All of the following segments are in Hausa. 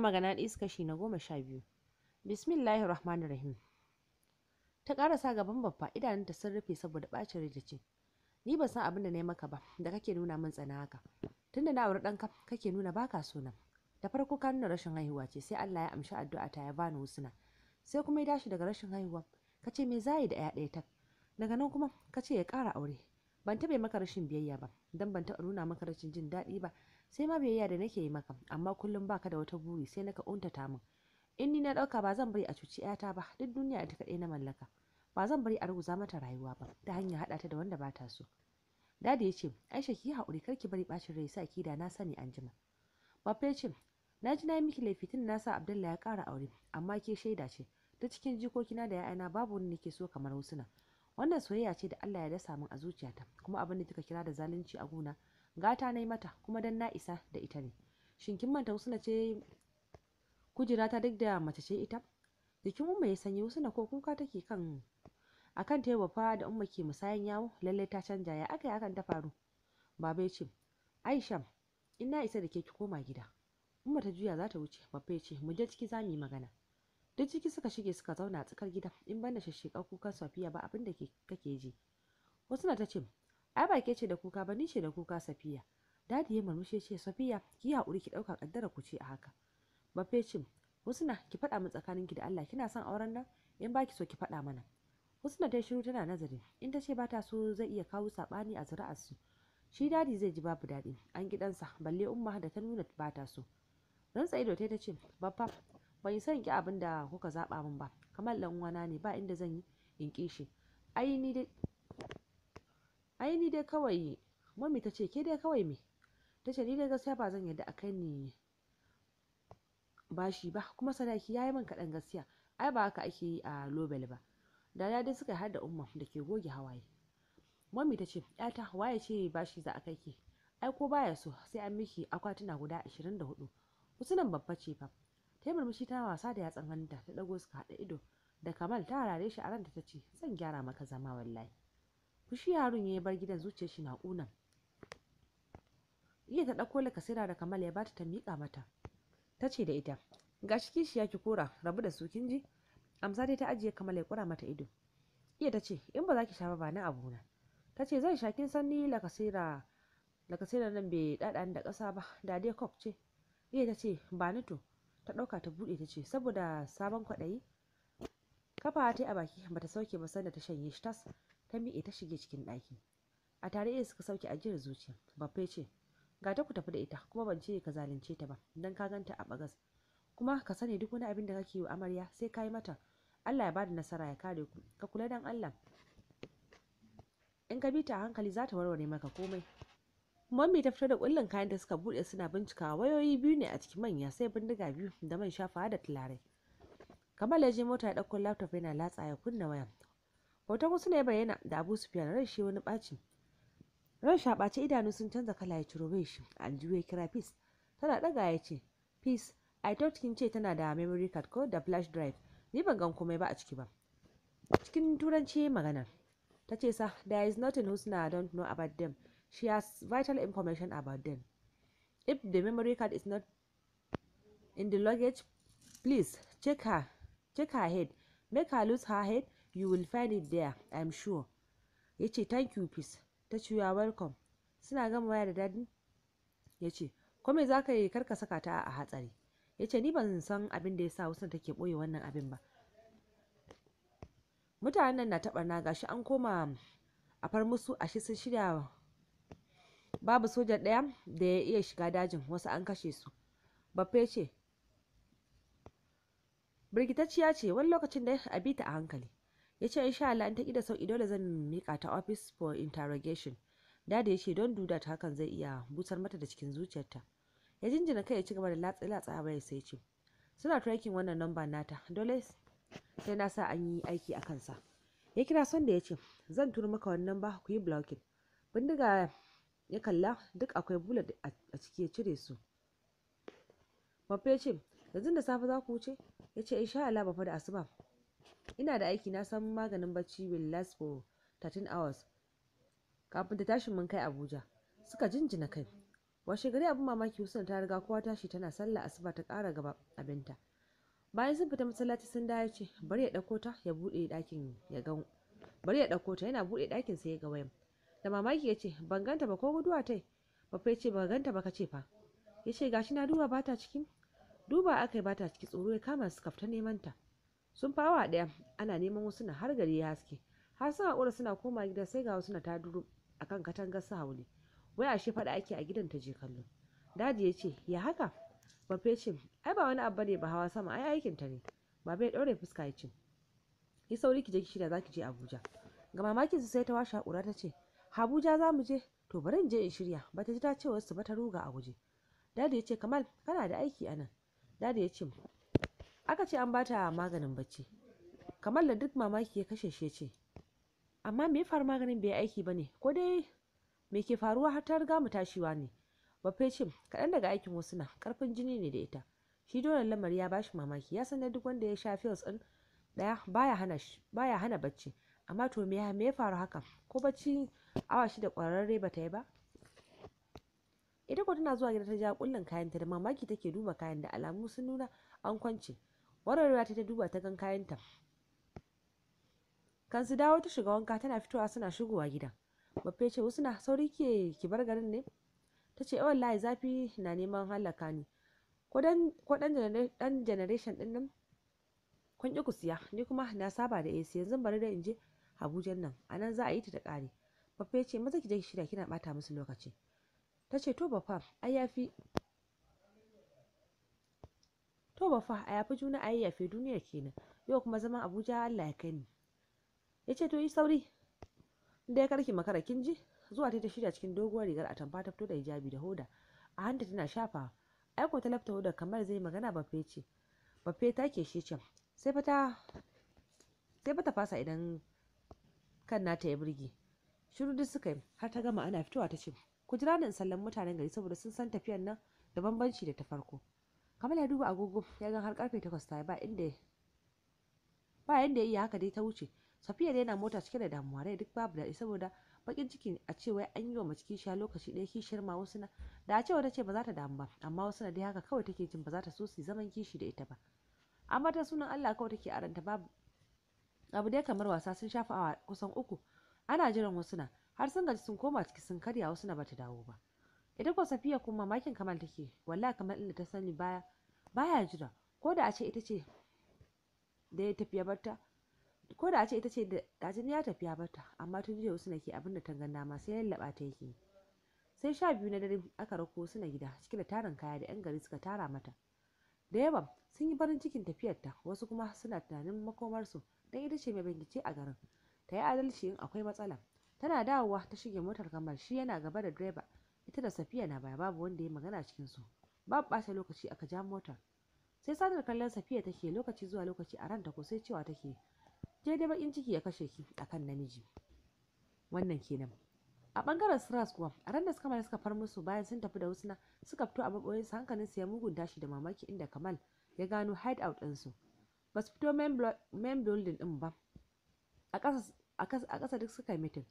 magana ɗaya suka kashi na goma sha biyu. bismillahi Rahmanir Rahim. Ta ƙarasa gaban babba idanunta sun rufe saboda ɓacin rai ce, Ni ba san abin da na yi maka ba, da kake nuna min tsana haka. Tunda na auri ɗanka kake nuna baka suna. Da farko ka nuna rashin haihuwa ce sai Allah ya amshi addu'a ta ya bani husna. Sai kuma ya dashi daga rashin haihuwa, ka ce me zayi da ɗaya ɗaya ta. Daga nan kuma ka ce ya ƙara aure. Ban taɓa maka rashin biyayya ba, dan ban taɓa nuna maka rashin jin daɗi ba, sai ma biyayya da nake yi maka amma kullum baka da wata buri sai naka untata min in ni na ɗauka ba zan bari a cuci 'yata ba duk duniya ita kaɗai na mallaka ba zan bari a ruguza mata rayuwa ba ta hanyar haɗa ta da wanda ba ta so dadi ya ce aisha ki haƙuri kar ki bari ɓacin rai sa ki da na sani an jima babba ya ce na ji na yi miki laifi tun na sa abdullahi ya ƙara aure amma ke shaida ce ta cikin jikokina da ya'yana babu wani nake so kamar na wannan soyayya ce da Allah ya dasa min a zuciyata kuma abin da kika kira da zalunci a gona gata na yi mata kuma dan na isa da ita ne shin kin manta na ce kujera ta duk da mace ce ita jikin umma ya sanyi na ko kuka take kan akan teba fa da umma ke musayan yawo lallai ta canja ya aka yi akan ta faru baba ya ce aisha in na isa da ke ki koma gida umma ta juya za ta wuce babba ya ce mu je ciki za mu yi magana duk ciki suka shige suka zauna a tsakar gida in banda shashshekar kukan safiya ba abin da kake ji wasu na ta ce ai ba ke ce da kuka ba ni ce da kuka safiya dadi ya murmushi ce safiya ki haƙuri ki ɗauka ƙaddara ku ce a haka bafe cin husna ki faɗa min tsakaninki da allah kina son auren nan in ba ki so ki faɗa mana husna ta shiru tana nazari in ta ce ba ta so zai iya kawo saɓani a su shi dadi zai ji babu daɗi an gidansa balle umma da ta nuna ba ta so rantsa ido ta ce babba ban san ki abin da kuka zaɓa min ba kamar ɗan ne ba inda zan yi in ƙi shi ai ni dai ai ni dai kawai mami ta ce ke dai kawai me ta ce ni dai gaskiya ba zan yadda a kai ni bashi ba kuma sadaki ya yi min kaɗan gaskiya ai ba haka ake yi a lobel ba da ya dai suka hada umma da ke goge hawaye mami ta ce ta, waye ce bashi za a kai ke? ai ko baya so sai an miki akwatuna guda 24 nan babba ce fa ta yi murmushi ta wasa da yatsan hannunta ta dago suka haɗa ido da kamal ta harare shi a ranta ta ce zan gyara maka zama wallahi fushi yaron ya bar gidan zuciyar shi na unan. iya ta ɗauko lakasira da kamal ya bata ta miƙa mata ta ce da ita ga shi kishiya ki kora rabu da su kin ji amsa dai ta ajiye kamal ya kura mata ido iya ta ce in ba za ki sha ba abu na ta ce zan sha kin san ni laka sira nan bai daɗa da ƙasa ba da dai kok ce iya ta ce ba ni to ta ɗauka ta buɗe ta ce saboda sabon kwaɗayi kafa ta yi a baki bata sauke ba sanda ta shanye shi tas ta miƙe ta shige cikin ɗaki a tare suka sauke ajiyar zuciya babba ce ga ta ku tafi da ita kuma ban ce ka zalunce ta ba dan ka ganta a bagas kuma ka sani duk wani abin da kake yi amarya sai ka yi mata Allah ya bada nasara ya kare ku ka kula dan Allah in ka bi ta hankali za ta warware maka komai Mummy ta fito da kullun kayan da suka bude suna bincikawa wayoyi biyu ne a cikin manya sai bindiga biyu da man shafa da tularai Kamal ya je mota ya dauko laptop yana latsa ya kunna waya wata wasu ne bayyana da abu sufiyan ran shi wani ɓaci ran sha ɓaci idanu sun canza kala ya ciro bai shi aljihu ya kira peace tana ɗaga ya ce peace i thought kin ce tana da memory card ko da flash drive ni ban gan komai ba a ciki ba cikin turanci magana ta ce sa there is nothing not don't know about them she has vital information about them if the memory card is not in the luggage please check her check her head make her lose her head You will find it there, I'm sure. Ya ce, Thank you, peace. Ta ce, You welcome. Suna gama waya da dadi? Ya ce, Ko me za ka yi karka saka ta a hatsari? Ya ce, Ni ban san abin da ya sa da take ɓoye wannan abin ba. Mutanen na taɓa na gashi an koma a far musu shi sun shirya babu soja ɗaya da ya iya shiga dajin wasu an kashe su. Bafe ce, birgitacciya ce wani lokacin da ta a hankali ya ce insha Allah in ta kida sauki dole zan mika ta office for interrogation dadi ya ce don duda ta hakan zai iya busar mata da cikin zuciyarta ya jinjina kai ya ci gaba da latsa latsa a sai ce suna tracking wannan namba nata dole sai na sa an yi aiki a kansa ya kira son da ya ce zan tura maka wannan ba ku yi blocking bindiga ya kalla duk akwai bullet a ciki ya cire su babba ya ce yanzu da safe za ku wuce ya ce insha Allah ba fa da asuba ina da aiki na samun maganin bacci will last for 13 hours kafin ta tashi mun kai Abuja suka jinjina kai washe gari abin mamaki Husna ta riga kowa tashi tana sallah asuba ta ƙara gaba abinta bayan sun fita masallaci sun dawo ce bari ya dauko ta ya bude ɗakin ya ga bari ya dauko ta yana bude ɗakin sai ya ga wayan da mamaki ya ce ban ganta ba ko guduwa tai ba fa ce ba ganta ba kace fa ya ce gashi na duba bata ciki duba aka yi bata ciki tsoro ya kama su kafta neman ta sun fi ɗaya ana neman wasu na har gari ya haske har sun haƙura suna koma gida sai ga wasu na ta a akan katangar su haule wai ashe faɗa ake a gidan ta je kallo daji ya ce ya haka bafe ce ai ba wani abu ne ba hawa sama ai aikin ta ne bafe ya ɗaure fuska ya ce yi sauri ki je ki shirya za ki je abuja ga mamakin su sai ta washe haƙura ta ce abuja za mu je to bari in je in shirya bata ji ta ce wasu ba ta ruga a waje dadi ya ce kamal kana da aiki anan dadi ya ce Aka ce an ba ta maganin bacci. kamar da duk mamaki ya kashe shi ya ce, Amma me ya faru maganin bai aiki ba ne, ko dai me ke faruwa har ta riga mu tashiwa ne. Bafe ce, kaɗan daga aikin wasu na, ƙarfin jini ne da ita. Shi dole lamari ya bashi mamaki, ya sanar duk wanda ya sha fiyos ɗin ɗaya baya hana bacci. Amma to me ya faru haka? Ko bacci awa shida ƙwararre ba ta yi ba? ita ko tana zuwa gida ta ja kullun kayan da mamaki take duba kayan da alamu sun nuna an kwance warwarewa ta duba ta gan kayanta kan su dawo ta shiga wanka tana fitowa suna shigowa gidan baffe ce wasu na sauri ke ki bar garin ne ta ce eh, wallahi zafi na neman halaka ne. ko dan generation din nan kun ki ku siya ni kuma na saba da AC yanzu bari da in je Abuja nan anan za a yi ta da kare baffe ce maza ki je ki shirya kina bata musu lokaci ta ce to baffa ai yafi to ba fa a yafi juna a yafe duniya kenan yau kuma zaman abuja allah ya kai ni ya ce to yi sauri da ya karki makara kin ji zuwa ta shirya cikin doguwar rigar atamfa ta fito da hijabi da hoda a hanta tana shafa aiko ta lafta hoda kamar zai magana bafe ce fe ta ke shi can sai ta sai bata fasa idan kan nata ya burge shiru duk suka yi har ta gama ana fitowa ta ce ku jira in sallan mutanen gari saboda sun san tafiyan nan da bambanci da ta farko kamar ya duba agogo ya ga har karfe takwas ta ba inda ba yanda ya iya haka dai ta wuce safiya dai yana mota cike da damuwa rai duk babu daɗi saboda bakin ciki a cewa an yi wa mace kishiya lokaci ɗaya kishiyar ma wasu na da a ce ta ce ba za ta damu ba amma wasu na dai haka kawai take jin ba za ta so su zaman kishi da ita ba amma ta sunan Allah kawai take aranta babu abu dai kamar wasa sun shafa awa kusan uku ana jiran wasu na har sun gaji sun koma ciki sun karya wasu na bata dawo ba ita ko safiya kuma mamakin kamal take wallahi kamar inda ta sani baya baya jira ko da a ce ita ce da ya tafiya barta ko da a ce ita ce da ya tafiya barta amma tun jiya wasu nake abin da ta ganna ma sai lallaba ta yake sai sha biyu na dare aka rako suna gida cike da tarin kaya da yan gari suka tara mata da yawa sun yi farin cikin tafiyarta wasu kuma suna tunanin makomarsu don ita ce mai bincike a garin ta yi adalci in akwai matsala tana dawowa ta shige motar kamar shi yana gaba da direba ita da safiya na baya babu wanda ya magana cikin su babu ɓata lokaci aka ja motar sai sadar kallon safiya take lokaci zuwa lokaci a ranta ko sai cewa take je dai bakin ciki ya kashe ki akan namiji wannan kenan a bangaren siras kuwa a ran da suka mana suka far musu bayan sun tafi da husna suka fito a maboyin su hankalin su ya mugunta tashi da mamaki inda kamal ya gano hideout din su basu fito main building din ba a ƙasa duk suka yi mitin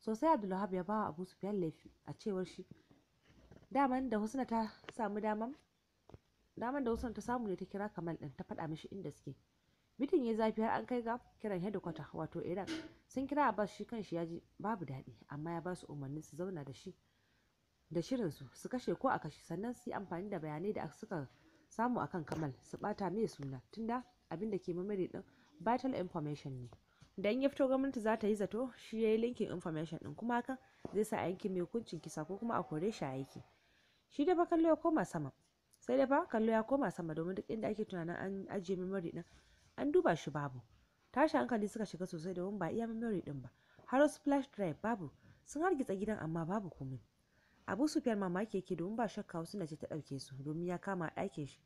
sosai abdulwahab ya bawa abu sufyan laifi a cewar shi daman da husna ta samu daman daman da husna ta samu ne ta kira kamal din ta faɗa mishi inda suke bitin ya zafi har an kai ga kiran hedikwata wato iran sun kira abbas shi kanshi ya ji babu daɗi amma ya ba su umarnin su zauna da shi da shirin su su kashe ko a kashe sannan su yi amfani da bayanai da suka samu akan kamal su bata mai suna tunda abin da ke mamari din vital information ne da ya fito gwamnati za ta yi zato shi ya yi linkin information din kuma hakan zai sa yanki mai hukuncin kisa ko kuma a kore shi a aiki shi dai fa kallo ya koma sama sai dai fa kallo ya koma sama domin duk inda ake tunanin an ajiye memory din. an duba shi babu tashi hankali suka shiga sosai domin ba iya memory din ba har wasu flash drive babu sun hargitsa gidan amma babu komai abu fiyar mamaki yake domin ba shakka wasu na ce ta ɗauke su domin ya kama a ɗakin shi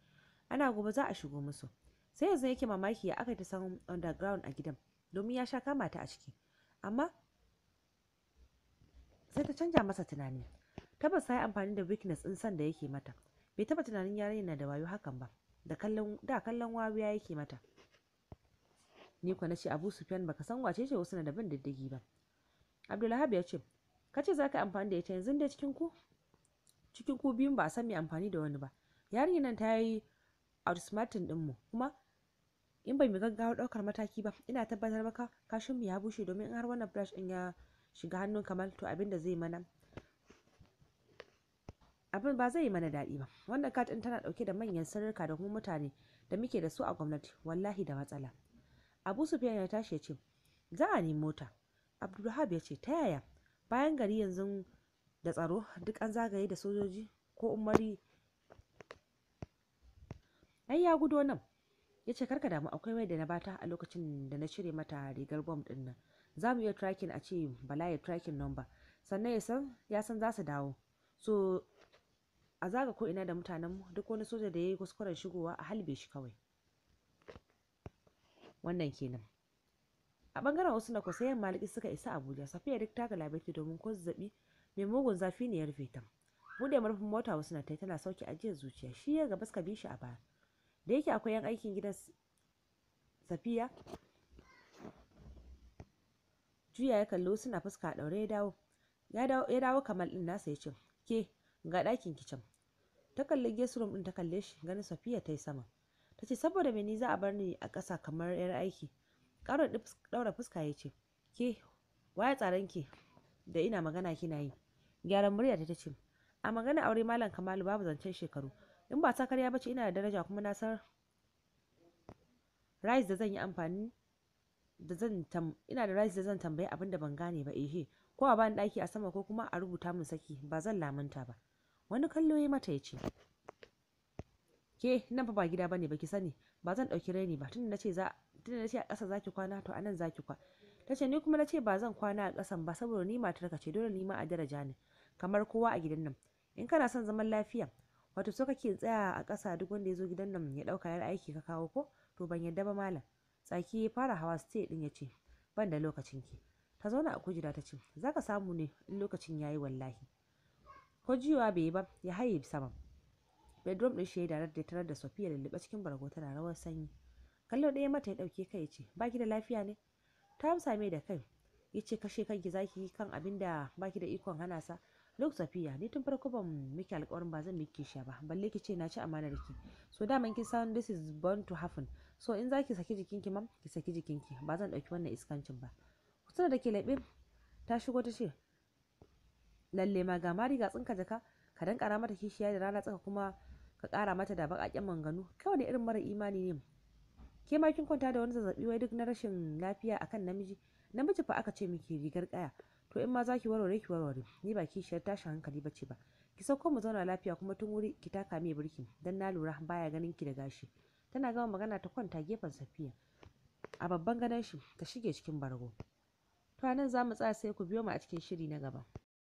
ana gobe za a shigo musu sai yanzu yake mamaki ya aka ta san underground a gidan domin ya sha kama ta a ciki amma sai ta canja masa tunani tabbas ta yi amfani da weakness din san da yake mata bai taɓa tunanin yarinya na da wayo hakan ba da kallon da kallon wawiya yake mata ni ko na ce abu sufyan baka san wace ce wasu na da bin diddigi ba abdullahab ya ce kace zaka za ka amfani da ita yanzu da cikin ku cikin ku biyun ba a san mai amfani da wani ba yarinyar nan ta yi outsmarting mu kuma in bai mu ɗaukar mataki ba ina tabbatar maka kashin mu ya bushe domin in har wannan flash ɗin ya shiga hannun kamar to abinda da zai mana abin ba zai yi mana daɗi ba wannan kat ɗin tana ɗauke da manyan sirrika da kuma mutane da muke da su a gwamnati wallahi da matsala abu sufiyan ya tashi ya ce za a nemi mota abdulwahab ya ce ta yaya bayan gari yanzu da tsaro duk an zagaye da sojoji ko umari ai ya gudo nan ya ce karka damu akwai wai da na bata a lokacin da na cire mata rigar bom din nan za mu iya tracking a ce bala ya tracking number sannan ya san ya san za su dawo so a zaga ko ina da mutanen mu duk wani soja da ya yi kuskuren shigowa a halbe shi kawai wannan kenan a bangaren wasu na kwasa yamma maliki suka isa abuja safiya duk ta galabaiti domin ko zazzabi mai mugun zafi ne ya rufe ta bude marufin mota wasu na tai tana sauke ajiyar zuciya shi ya gaba suka bi shi a baya da yake akwai 'yan aikin gidan safiya juya ya kallo suna fuska a ɗaure ya dawo ya dawo kamal ɗin nasa ya ce ke ga ɗakin kicin ta kalli guest room ɗin ta kalle shi ganin safiya ta yi sama ta ce saboda me ni za a bar ni a ƙasa kamar 'yar aiki ƙarar ɗaura fuska ya ce ke waya tsaron ki da ina magana kina yi gyaran murya ta ce a magana aure malam kamalu babu zancen shekaru in ba ta karya bace ina da daraja kuma na san rice da zan yi amfani da zan tam ina da rice da zan tambayi abin da ban gane ba ehe ko a bani daki a sama ko kuma a rubuta min saki ba zan lamunta ba wani kallo ya mata yace ke nan fa ba gida bane ki sani ba zan dauki raini ba tunda nace za tunda nace a kasa zaki kwana to anan zaki kwa tace ni kuma nace ba zan kwana a kasan ba saboda ni matar ka ce dole ni ma a daraja ne kamar kowa a gidan nan in kana son zaman lafiya wato so kake tsaya a ƙasa duk wanda ya zo gidan nan ya ɗauka yar aiki ka kawo ko to ban yadda ba malam tsaki ya fara hawa site ɗin ya ce ban da lokacin ki ta zauna a kujera ta ce za ka samu ne in lokacin ya yi wallahi ko jiwa bai yi ba ya haye sama bedroom ɗin shi ya darar da tarar da sofiya lullube cikin bargo tana rawar sanyi kallo ɗaya mata ya ɗauke kai ya ce ba ki da lafiya ne ta amsa mai da kai ya ce kashe kanki zaki yi kan abin da baki da ikon hana sa Luke Safiya ni tun farko ban miki alƙawarin ba zan miki kishiya ba balle ki ce na ci amanar ki so daman kin san this is born to happen so in zaki saki jikinki mam ki saki jikinki ba zan ɗauki wannan iskancin ba kusa da ke laɓe ta shigo ta ce lalle ma ga mari ga tsinka jaka ka dan kara mata kishiya da rana tsaka kuma ka kara mata da baƙaƙen manganu kawai da irin mara imani ne ke ma kin kwanta da wani zazzabi wai duk na rashin lafiya akan namiji namiji fa aka ce miki rigar kaya to in ma za ki warware ki warware ni ba kishiyar tashin hankali ba ce ba ki sauko mu zauna lafiya kuma tun wuri ki taka mai birki dan na lura baya ganin ki da gashi tana gama magana ta kwanta gefen safiya a babban gadon shi ta shige cikin bargo to nan za mu tsaya sai ku biyo mu a cikin shiri na gaba